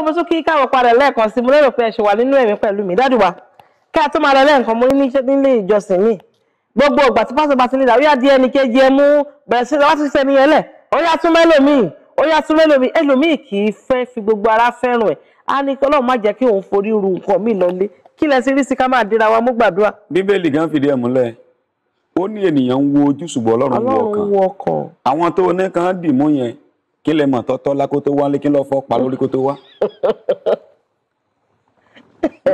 ẹ̀kọ́ mo tún kí káwọn padà lẹ́ẹ̀kan sí mo lérò pé ẹ ṣe wà nínú ẹ̀mí pẹ̀lú mi dádì wa kí a tó máa lọ lẹ́ẹ̀kan mo ní nílé ìjọsìn mi gbogbo ìgbà tí pásítọ̀ bá ti ní ìdá óyá di ẹni kejì ẹ mú bẹ̀rẹ̀ sí láti ṣe ẹni ẹlẹ̀ óyá tún mẹ́lòmíì óyá tún mẹ́lòmíì ẹlòmíì kì í fẹ́ fi gbogbo ara fẹ́ràn ẹ̀ á ní kí ọlọ́run má jẹ́ kí òun forí ru nǹkan míì lọlé kí lẹ sí rí sí ká máa dira wa mú gbàdúrà. bíbélì gan fìdí ẹ̀ múlẹ̀ ó ní ènìyàn ń wo ojú ṣùgbọ́n wo ọkàn àwọn tó ní kan dì mú yẹn kí lẹ mọ̀ tọ́tọ́ lákótó wá kí lọ́ fọ́ pa lórí kótó wá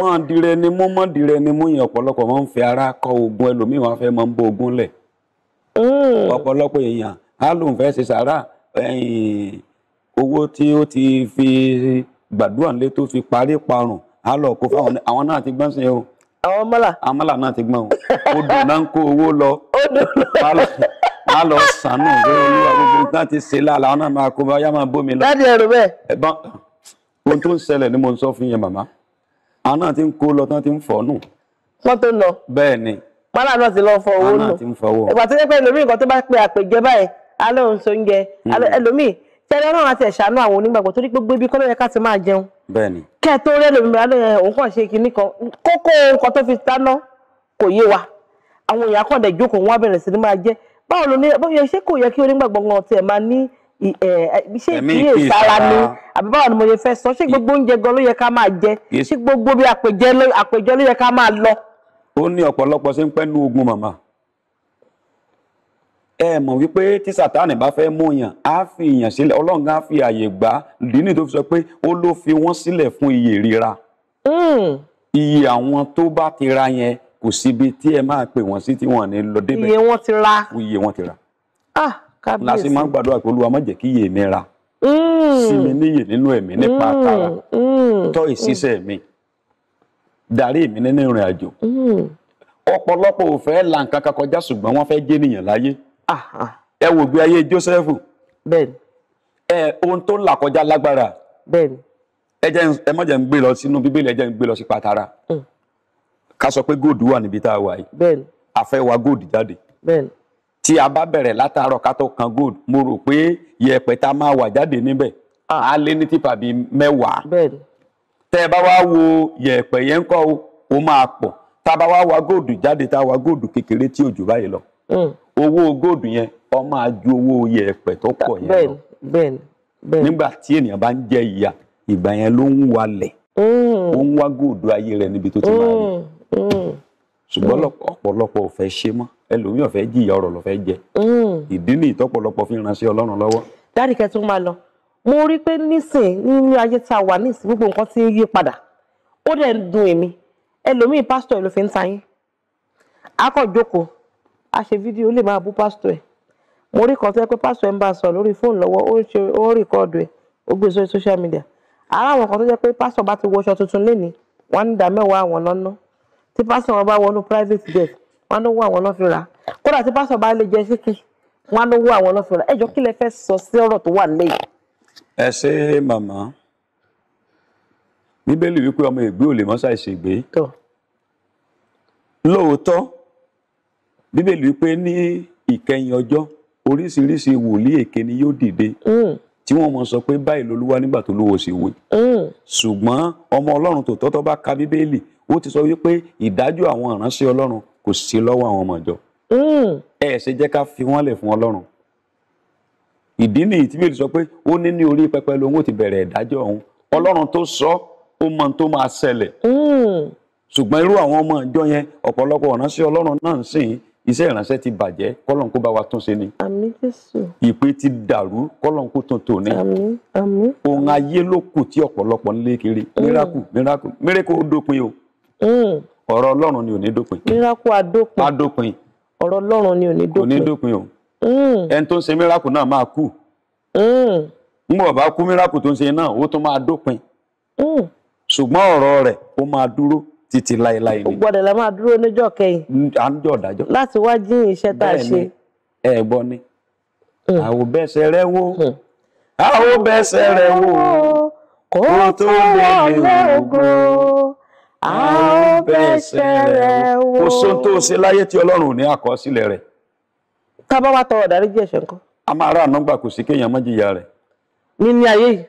mọ̀ọ́dìrẹ ni mú mọ̀ọ́dìrẹ ni mú yẹn ọ̀pọ̀lọpọ̀ máa ń fi ara kọ ogun ẹlòmíì wọn fẹ́ máa ń bọ ogun lẹ̀ mm. ọ̀pọ̀lọpọ̀ èèyàn á lóun fẹ́ ṣe sàárà owó tí ó ti fi gbàdúrà nílé tó fi parí parun á lọ kó fáwọn àwọn náà ti gbọ́n sí o àwọn mọ́là àwọn mọ́là náà ti gbọ́n o ó dùn náà ń kó owó lọ má lọ sànù pé olúwa gbogbo nǹkan ti ṣe láàlà àwọn náà máa kó bá yá máa bómi lọ. láti ẹrù bẹ́ẹ̀ ohun tó ń ṣẹlẹ̀ ni mo ń sọ fún yẹn màmá àwọn náà ti ń kó lọ tán ti ń fọ́ nù. wọ́n tó lọ. bẹ́ẹ̀ ni. pálá náà ti lọ fọ owó nù. pálá náà ti ń fọwọ́. ìgbà tó yẹ pé ẹlòmíì nǹkan tó bá pe àpèjẹ báyìí alẹ́ òun so ń jẹ hmm. ẹlòmíì tẹ́lẹ̀ náà ti ẹ̀ṣánú àwọn onígbàgbọ́ torí gbogbo ibi kọ́ ló yẹ ká ti máa jẹun. bẹ́ẹ̀ ni. kẹ́ ẹ tó rẹ́ lómi alẹ́ òun kàn ṣe kinní kan kókó nǹkan tó fi dáná kò yé wa àwọn èèyàn kàn dẹ̀ jókòó wọn á bẹ̀rẹ̀ sí ní máa jẹ báwo ló ní báwo ṣé kò yẹ kí onígbàgbọ́ gan máa ní Eh, eh, ṣé ìkíyèsí ara ni àbí báwo ni mo ṣe fẹ́ sọ ṣé gbogbo oúnjẹ gan ló yẹ ká máa jẹ ṣé gbogbo bí àpèjẹ ló yẹ ká máa lọ. ó ní ọ̀pọ̀lọpọ̀ ṣe ń pẹ́ nú ogun màmá ẹ mọ̀ wípé tí sátánì bá fẹ́ mú yàn á fi yàn sílẹ̀ ọlọ́run á fi àyè gbà á dínì tó fi sọ pé ó ló fi wọ́n sílẹ̀ fún iye ríra hmm. iye àwọn tó bá ti ra yẹn kò síbi tí ẹ máa pè wọ́n sí tí wọ́n ní lọ débẹ̀ iye wọ́n ti ra iye wọ́n ti ra. ah la sì máa ń gbàdúrà pé olúwa emi ra mm. sinmi níyè nínú emi nípa mm. tara mm. mi darí mi nínú ìrìn àjò ọ̀pọ̀lọpọ̀ o la nǹkan kọjá ṣùgbọ́n wọ́n fẹ́ jẹ́nìyàn láyé ẹ wò aye ayé Jósẹ́fù ẹ ohun tó là kọjá lágbára ẹ jẹ́ ẹ gbé lọ sinu bíbélì ẹ gbé lọ sí patara sọ wà wà jáde tí a bá bẹ̀rẹ̀ látàárọ̀ ká tó kan gold mo rò pé yẹ̀pẹ̀ tá a máa wà jáde níbẹ̀ á lé ní tìpà bíi mẹ́wàá tẹ́ ẹ bá wá wo yẹ̀pẹ̀ yẹn ń kọ́ o máa pọ̀ tá a bá wá wa góòdù jáde tá a wa góòdù kékeré tí òjò báyìí lọ hmm. owó góòdù yẹn ó máa ju owó yẹ̀pẹ̀ tó pọ̀ yẹn lọ nígbà tí ènìyàn bá ń jẹ ìyà ìgbà yẹn ló ń walẹ̀ hmm. ó ń wá góòdù ayé rẹ̀ níbi tó ti máa rí hmm, ṣùgbọ́n ọ̀pọ̀lọpọ̀ ò fẹ́ ṣe mọ́ ẹlòmíì ò fẹ́ jìyà ọ̀rọ̀ ló fẹ́ jẹ hmm. ìdí ni ìtọ́pọ̀lọpọ̀ fi ránṣẹ́ Ọlọ́run lọ́wọ́. dáàdì kẹ́ tó máa lọ mo rí i pé nísìn nínú ayé tá a wà nísìn gbogbo nǹkan ti ń yí padà ó dẹ̀ ń dùn èmi ẹlòmíì pásítọ̀ ló fi ń ta yín akọ̀jókòó a ṣe fídíò ó lè máa bú pásítọ̀ ẹ̀ mo rí kan tó yẹ pé pásítọ̀ ẹ̀ ń bá a sọ lórí fóònù lọ́wọ́ ó ń ṣe ó ń rìkọ́ọ̀dù ẹ̀ ó gbé e sórí social media ara àwọn kan tó jẹ́ pé pásítọ̀ bá ti wọṣọ tuntun lénìí wọ́n á ní ìdá mẹ́wàá àwọn lọ́nà tí pásítọ̀ wọn bá wọnú private debt wọn á lówó àwọn lọ́fi ra kódà tí pásọ bá lè jẹ síkì wọn á lówó àwọn lọ́fi ra ẹ jọ kí lẹ fẹ́ sọ sí ọ̀rọ̀ tó wà lẹ́yìn. ẹ ṣe màmá bíbélì wípé ọmọ ègbé ò lè ìṣègbè lóòótọ́ bíbélì wípé ní ìkẹyìn ọjọ́ oríṣiríṣi wòlíì èké ni yóò dìde hmm. tí wọ́n mọ̀ sọ pé báyìí lolúwa nígbà tó lówó ṣe wé hmm. ṣùgbọ́n ọmọ ọlọ́run tòótọ́ tó bá ka bíbélì ó ti sọ wípé ìdájọ́ àwọn ìránṣẹ́ ọlọ́run kò sí lọ́wọ́ àwọn ọmọ ìjọ hmm. ẹ ṣe jẹ́ ká fi wọ́n lẹ̀ fún ọlọ́run ìdí nìyí tí bíbélì sọ pé ó ní ní orí pẹpẹ lòun ò ti bẹ̀rẹ̀ ìdájọ́ òun ọlọ́run tó sọ ó mọ tó máa ṣẹlẹ̀ hmm. ṣùgbọ́n irú àwọn ọmọ ìjọ yẹn ọ̀pọ̀lọpọ̀ ìránṣẹ́ ọlọ́run náà ń sìn iṣẹ́ ìránṣẹ́ ti bàjẹ́ kọ́lọ́n kó bá wa tún ṣe ni àmín Jésù ìpín ti dàrú kọ́lọ́n kó tún tò ní àmín àmín ohun ayé ló kù tí ọ̀pọ̀lọpọ̀ ń lé kiri mírákù mírákù mírèkù ó dópin o. Hmm. ọ̀rọ̀ Ọlọ́run ni ò ní dópin. miraku adópin adópin. ọ̀rọ̀ Ọlọ́run ni ò ní dópin. kò ní dópin o. Mm. ẹni tó ń ṣe miraku náà máa kú. ń mm. bọ̀ bá kú miraku tó ń ṣe náà ó tún máa dópin. Mm. ṣùgbọ́n ọ̀rọ̀ rẹ̀ ó máa dúró títí láéláé ni. gbọ́dọ̀ la máa dúró níjọ́ kẹyìn. à ń jọ dájọ́. láti wá jíyìn iṣẹ́ tá a ṣe. ẹ gbọ́ ni. àwòbẹ̀sẹ̀ rẹ wo àwòbẹ̀sẹ̀ rẹ wo kó tó wọlé ogun a ó bẹ̀sẹ̀ rẹ̀ wò. kò sóhun tó ṣe láyé tí ọlọ́run ò ní àkọsílẹ̀ rẹ̀. ká bá wá tọrọ ìdáríjì ẹ̀ṣẹ̀ ńkọ́. a máa rà nọ́mbà kò sí kéèyàn má jìyà rẹ̀. ní ní ayé yìí.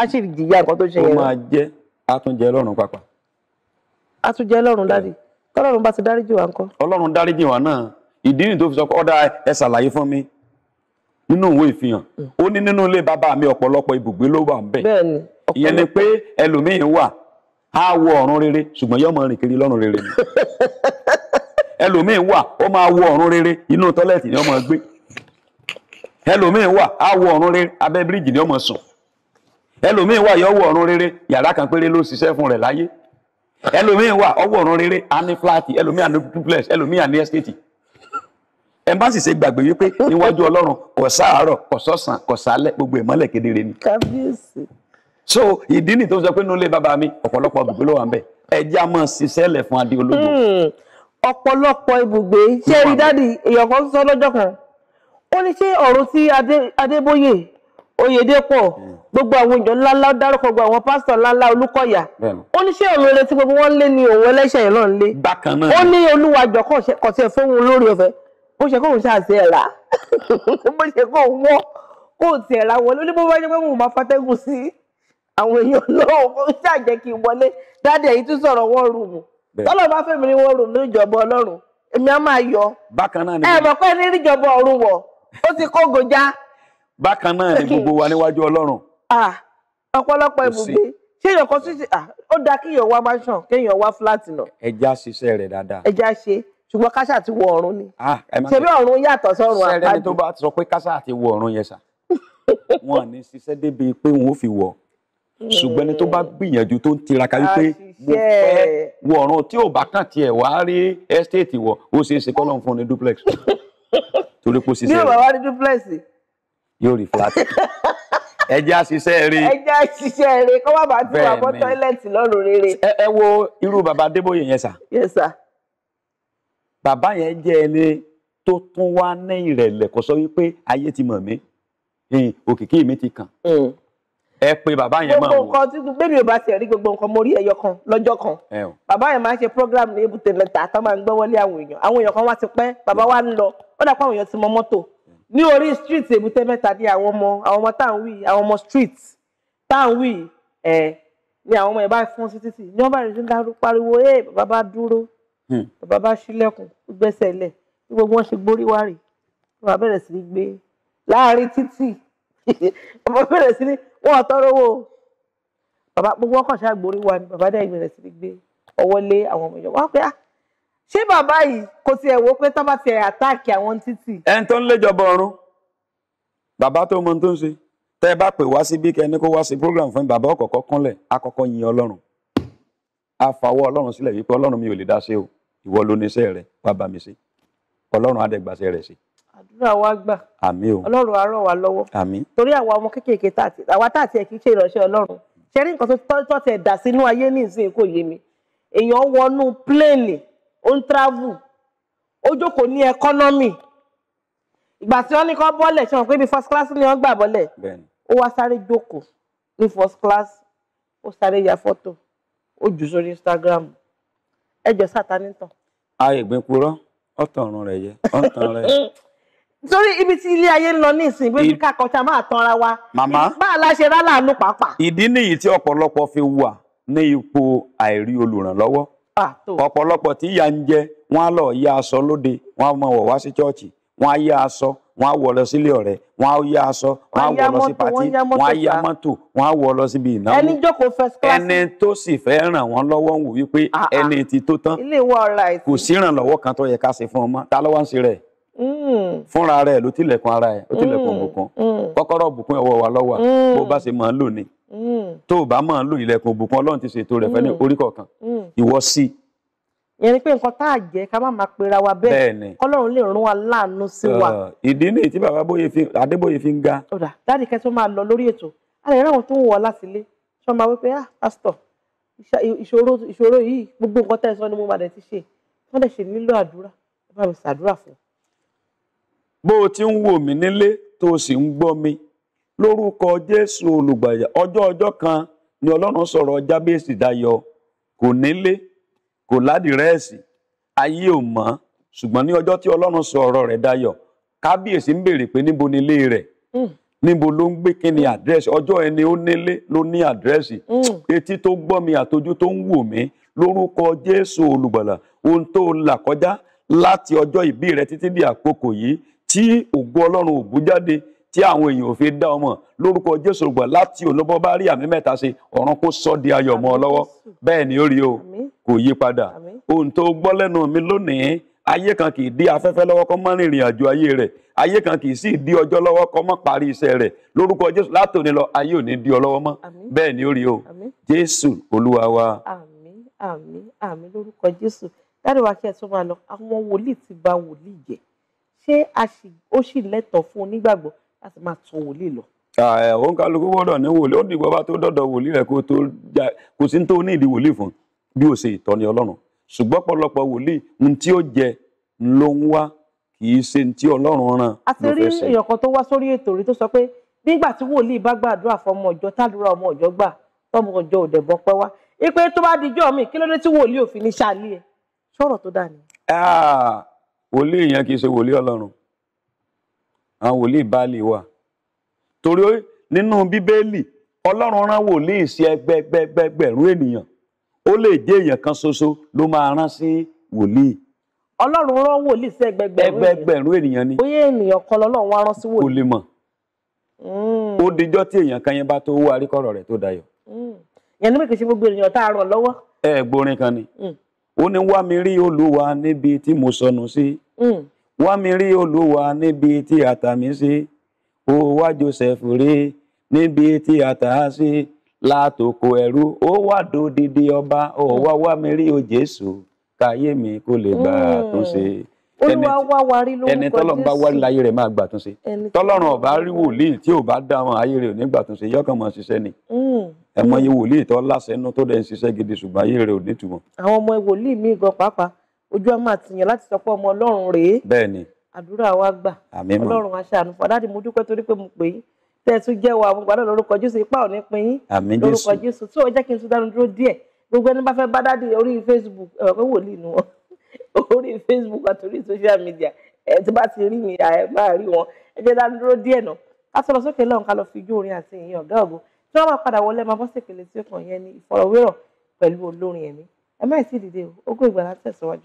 a sì jìyà nǹkan tó ṣe yẹn. ó máa jẹ́ a tún jẹ́ lọ́rùn pàpà. a tún dárí tọ́lọ́run bá ti dáríjì wa ńkọ́. ọlọ́run dáríjì wa náà ìdí nìyí tó fi sọ pé ọ̀dà ẹ ṣàlàyé fún mi nínú òwe ìfihàn ó ní nínú ilé bàbá mi ọ̀pọ̀lọpọ̀ ibùgbé ló wà ń bẹ̀ ìyẹn ni pé ẹlòmíín wà Ha wọ ọ̀run rere ṣùgbọ́n yóò máa rìn kiri lọ́run rere ni ẹlòmíín wà ó máa wọ ọ̀run rere inú tọ́lẹ̀tì ni ó gbé ẹlòmíín wà á wọ ọ̀run rere abẹ́ bíríìjì ni ó sùn ẹlòmíín wà wọ rere yàrá kan péré ló ṣiṣẹ́ fún rẹ̀ láyé ẹlòmíín wà ọwọ́ rere ní ẹlòmíín duplex ẹlòmíín estate ẹ sì gbàgbé wípé níwájú ọlọ́run kò sáàárọ̀ kò so ìdí nìyí tó ń sọ pé nulẹ̀ bàbá mi ọ̀pọ̀lọpọ̀ ibùgbé ló wà ń bẹ̀ ẹ̀jẹ̀ a máa ṣiṣẹ́ lẹ̀ fún adé ológo. Hmm. ọ̀pọ̀lọpọ̀ ibùgbé ṣé rí dáàdi èèyàn kan sọ lọ́jọ́ kan ó ní ṣé ọ̀rọ̀ tí Adébóyè Oyèdépọ̀ hmm. gbogbo àwọn ìjọ ńláńlá dárúkọ gbogbo àwọn pásítọ̀ ńláńlá Olúkọ̀yà ó ní ṣé òun eré tí gbogbo wọn lé ni òun ẹlẹ́ṣẹ̀ yẹn náà lé bákan náà ó ní olúwàjọ kọ̀ọ̀ṣẹ́ fóun lórí ọ̀fẹ́ bó ṣe kóun ṣàṣẹ ẹ̀ rà bó ṣe kóun wọ́ kóun tiẹ̀ ra wọlé ó ní bó bá jẹ́ pé òun máa fatẹ́gùn sí i àwọn èèyàn lọ́wọ́ kó ṣàjẹ́ kí n wọlé dáadé èyí tún sọ̀rọ̀ wọ́n rùmù tọ́lọ́ bá fẹ́mi ní wọ́n rùmù ní ìjọba ọlọ́run èmi á máa yọ. bákan náà ni ẹ mọ̀ pé ní ìjọba ọ̀run wọ̀ ó ti kó gojá. bákan náà ni gbogbo wa níwájú ọlọ́run. ọ̀pọ̀lọpọ̀ ibùgbé ṣé èèyàn kan sì ṣe ó dáa kí èèyàn wá mansion kí èèyàn wá fúláàtì náà. ẹja ṣiṣẹ́ rẹ̀ dáadáa. ẹja ṣe ṣùgbọ́n káṣà ti wọ ọ̀run ni. ṣebí ọ̀run yàtọ̀ sọ́run àpáàdé. sẹ́rẹ́ni tó bá sọ pé káṣà ti wọ ọ̀run yẹn sà wọ́n ní ṣiṣẹ́ débi pé wọ́n ò fi wọ̀ ṣùgbọ́n ẹni tó bá gbìyànjú tó ń tiraka wípé mo fẹ́ wọ ọ̀run tí ò bá kàn tiẹ̀ wá rí ẹ́stéètì wọ̀ ó ṣeé ṣe kọ́lọ́n fún ni duplex torí kó ṣiṣẹ́ rẹ̀ bí ò bá wá ní duplex yóò rí flat ẹjẹ́ àṣìṣe rí ẹjẹ́ àṣìṣe rí kọ́ bàbá tí wà bọ́ tọ́ílẹ̀tì lọ́rùn rere. ẹ wo irú bàbá Adébóyè yẹn sà. yes sà. bàbá yẹn jẹ́ ẹni tó tún wá ní ìrẹ̀lẹ̀ kó sọ wípé ayé ti mọ̀ mí òkìkí mi ti kàn hmm ẹ pe bàbá yẹn máa wò. gbogbo nǹkan tí bẹ́ẹ̀ mi ò bá tiẹ̀ rí gbogbo nǹkan mo rí ẹyọ kan lọ́jọ́ kan bàbá yẹn máa ń ṣe program ní ebute mẹ́ta tó máa ń gbọ́ wọlé àwọn èèyàn àwọn èèyàn kan wá ti pẹ́ bàbá wa ń lọ ó dàpọ̀ àwọn èèyàn ti mọ mọ́tò ní orí street ebute mẹ́ta ní àwọn ọmọ àwọn ọmọ táwọn wí àwọn ọmọ street táwọn wí ẹ ni àwọn ọmọ yẹn bá fún sí ní wọn bá rí sílẹ̀ pariwo ẹ bàbá bá dúró hmm. bàbá bá ṣílẹ̀kùn láàrin títì bàbá bẹ̀rẹ̀ sí ní wọn ò tọrọ owó bàbá gbogbo ọkọ̀ ṣáà gborí wa ni bàbá dẹ́ ìgbìmọ̀ sí gbé ọwọ́ lé àwọn ọmọ ìjọba wọn pé ah ṣé bàbá yìí kò tiẹ̀ wò pé tán bá ti ẹ̀ àtáàkì àwọn títì. ẹni tó ń léjọba ọ̀run bàbá tó mọ tó ń ṣe tẹ ẹ bá pè wá sí bí kẹni kó wá sí program fún bàbá ọkọ̀ọ̀kọ́ kúnlẹ̀ akọ́kọ́ yin ọlọ́run àfàwọ́ ọlọ́run sílẹ̀ wípé ọlọ́run mi ò lè dá ṣe o ìwọ ló ní iṣẹ́ rẹ wàá bá mi ṣe ọlọ́run á dẹ̀ gbàṣẹ́ ṣe àdúrà wa gbà àmín o ọlọ́run á ràn wá lọ́wọ́ àmín torí àwa ọmọ kéékèèké àwa tá àti ẹ̀ kì í ṣe ìránṣẹ́ ọlọ́run ṣe rí nǹkan tó tọ́ tẹ̀ dà sínú ayé ní ìsìn kò yé mi èèyàn wọnú pléènì ó ń travel ó jókòó ní ẹkọ́nọ́mì ìgbà tí wọ́n ní kó bọ́lẹ̀ ṣe wọn pé ibi first class ni wọ́n gbà bọ́lẹ̀ ó wá sáré jókòó ní first class ó sáré ya fọ́tò ó jù sórí Instagram ẹjọ́ sátánítàn. ayẹ̀gbẹ́ purọ́ ọ̀tàn ọ̀run rẹ̀ yẹ ọ̀tàn rẹ̀. nítorí ibi tí ilé ayé ń lọ ní ìsìn bí ká kọjá máa tan ara wa màmá báà la ṣe rálàánú pàápàá. ìdí nìyí tí ọ̀pọ̀lọpọ̀ fi wà ní ipò àìrí olùrànlọ́wọ́ ọ̀pọ̀lọpọ̀ tí ìyà ń jẹ wọ́n á lọ yá aṣọ lóde wọ́n á mọ wọ̀ wá sí chọ́ọ̀chì wọ́n á yá aṣọ wọ́n á wọ̀ lọ sílé ọ̀rẹ́ wọ́n á yá aṣọ wọ́n á wọ̀ lọ sí pàtí wọ́n á yá mọ́tò wọ́n á wọ̀ lọ síbi ìnáwó ẹni tó sì fẹ́ ràn wọ́n lọ́wọ́ ń wò wípé ah, ah. ẹni tí tó tán kò sí ìrànlọ́wọ́ kan tó yẹ ká ṣe fún ọmọ ta ló wá ń ṣe rẹ̀ fúnra rẹ̀ ló tilẹ̀kùn ara ẹ̀ ó tilẹ̀kùn òbùkún mm. mm. kọ́kọ́rọ́ òbùkún ọwọ́ wa ló wà mm. bó bá ṣe máa ń lò ní tó o bá máa ń lò ilẹ̀kùn òbùkún ọlọ́run ti ṣètò rẹ̀ fẹ́ ní orí kọ̀ọ̀kan ìwọ sí i ìyẹn ni pé nǹkan tá a jẹ ká má máa pera wa bẹ́ẹ̀ kọ́lọ́run lè rún wa láàánú sí wa. ìdí ni tí bàbá Adébóyè fi ń ga. ọ̀dà dáàdì kẹ́ tó máa lọ lórí ètò àlẹ́ ìràwọ̀n tó ń wọ̀ láti ilé sọ ma wípé ah pásítọ̀ ìṣòro ìṣòro yìí gbogbo nǹkan tẹ́ ẹ sọ ni mo máa dẹ̀ ti ṣe wọ́n dẹ̀ ṣe nílò àdúrà ẹ bá mi ṣàdúrà fún un. bó o ti ń wò mí nílé tó o sì ń gbọ́ mi lórúkọ jésù olùgbàyà ọjọ́ ọjọ́ kan ni ọlọ́run sọ̀rọ̀ jábèsì dayọ kò nílé kò ládìrẹ́ẹ̀sì ayé ò mọ̀ ṣùgbọ́n ní ọjọ́ tí ọlọ́run sọ̀rọ̀ rẹ̀ dayọ̀ kábíyèsí ń béèrè pé níbo nílé rẹ̀ hmm. níbo ló ń gbé kíni àdírẹ́sì ọjọ́ ni ó nílé ló ní àdírẹ́sì hmm. etí tó gbọ́ mi àtojú tó ń wò mí lórúkọ jésù olùgbàlà ohun tó là kọjá láti ọjọ́ ìbí rẹ títí di àkókò yìí tí ògo ọlọ́run ògo jáde tí àwọn èèyàn ò fi dá ọmọ lórúkọ jésù rògbà láti òlọ́bọ bá rí àmì mẹ́ta ṣe ọ̀run kó sọ di ayọ̀ mọ́ ọ lọ́wọ́ bẹ́ẹ̀ ni ó rí o kò yí padà ohun tó gbọ́ lẹ́nu mi lónìí ayé kan kì í dí afẹ́fẹ́ lọ́wọ́ kó má rìnrìn àjò ayé rẹ̀ ayé kan kì í sì dí ọjọ́ lọ́wọ́ kó má parí iṣẹ́ rẹ̀ lórúkọ jésù látòní lọ ayé ò dí ọ lọ́wọ́ mọ́ bẹ́ẹ̀ ni ó rí o jésù olúwa wa. àmín àmín àmín lórúkọ jésù dáríwá kí ẹ tó máa lọ àwọn wòlíì ti bà wòlíì jẹ́ ṣé ó sì lẹ́tọ̀ọ́ fún onígbàgbọ́ láti máa tọ̀ wòlíì lọ. òun kálukú gbọ́dọ̀ ní wòlíì ó dìgbò bá tó dọ̀dọ̀ wòlíì rẹ̀ kò sí tó ní ìdí wòlíì fún bí ó ṣe ìtọ́ni ọlọ́run ṣùgbọ́n pọ̀lọpọ̀ wòlíì ní tí ó jẹ ló ń wá kì í ṣe ní tí ọlọ́run rán. a ti rí èèyàn kan tó wá sórí ètò rí tó sọ pé nígbà tí wòlíì bá gbàdúrà fọmọ ọjọ́ tàdúrà mi kí ló dé tí wòlíì ò fi ní ṣáálí wòlíì yẹn kì í ṣe wòlíì ọlọ́run àwọn wòlíì Báálì wà torí nínú bíbélì ọlọ́run rán wòlíì sí ẹgbẹgbẹgbẹgbẹ̀rún ènìyàn ó lè jẹ́ èèyàn kan ṣoṣo ló máa rán sí wòlíì. ọlọ́run rán wòlíì sí ẹgbẹgbẹ̀rún ẹgbẹgbẹ̀rún ènìyàn ni bóyá ènìyàn kan lọ́lọ́run wá rán sí wòlíì. kò lè mọ̀ hmm. ó dijọ́ tí èèyàn kan yẹn bá tó owó rí rẹ̀ tó dayọ̀. Hmm. yẹn ní pé kì í ṣe gbogbo ènìyàn tá a rọ̀ lọ́wọ́. ẹ gbórin kan ni. Mm. ó ní wá mi rí olúwa níbi tí mo sọnù sí hmm. wá mi rí olúwa níbi tí àtà mi sí ó wá Joseph rí níbi tí àtà á sí látòkò ẹrú ó wá dòdìdí ọba ó hmm. wá wá mi rí o Jésù káyé mi kó lè gbà àtúnṣe hmm. olúwa wá wa rí lórúkọ jésù ẹni tọ́lọ́run bá wárí láyé rẹ̀ máa gbà túnṣe tọ́lọ́run ọba rí wòlíì tí ò bá dá wọn ayé rẹ̀ ò ní gbà túnṣe yọkàn mọ ṣiṣẹ́ ni ẹmọ iye wòlíì tó láṣẹ inú tó dẹ̀ ń ṣiṣẹ́ gidi ṣùgbọ́n ayé rẹ̀ ò nítumọ̀. àwọn ọmọ wòlíì míì gan pàápàá ojú ọmọ àtìyàn láti sọ pé ọmọ Ọlọ́run rèé. bẹ́ẹ̀ni àdúrà wa gbà Ọlọ́run aṣàánú fún adáàdì mo dúpẹ́ torí pé mo pè yín tẹ́ ẹ tún jẹ́ wa mo gbàdúrà lórúkọ Jésù ipá ò ní pin yín lórúkọ Jésù tó o jẹ́ kí n tún dánu dúró díẹ̀ gbogbo ẹni bá fẹ́ bá dáàdì orí Facebook ọ̀rọ̀ wòlíì nu wọn orí Facebook àtòrí social media ẹ ti bá ti rí mi ẹ máa rí wọn ẹ jẹ́ dánu dúró díẹ̀ náà ká sọ̀rọ̀ sókè lọ́run ká fi ijó orin àti ìyìn ọ̀gá ògo tí wọ́n bá padà wọlé máa bọ́ sí ìpele tí ó kàn yẹn ní ìfọ̀rọ̀wérọ̀ pẹ̀lú olórin ẹ̀mí ẹ má ì tí ì dìde o Ògo Ìgbàlà tẹ̀síwájú.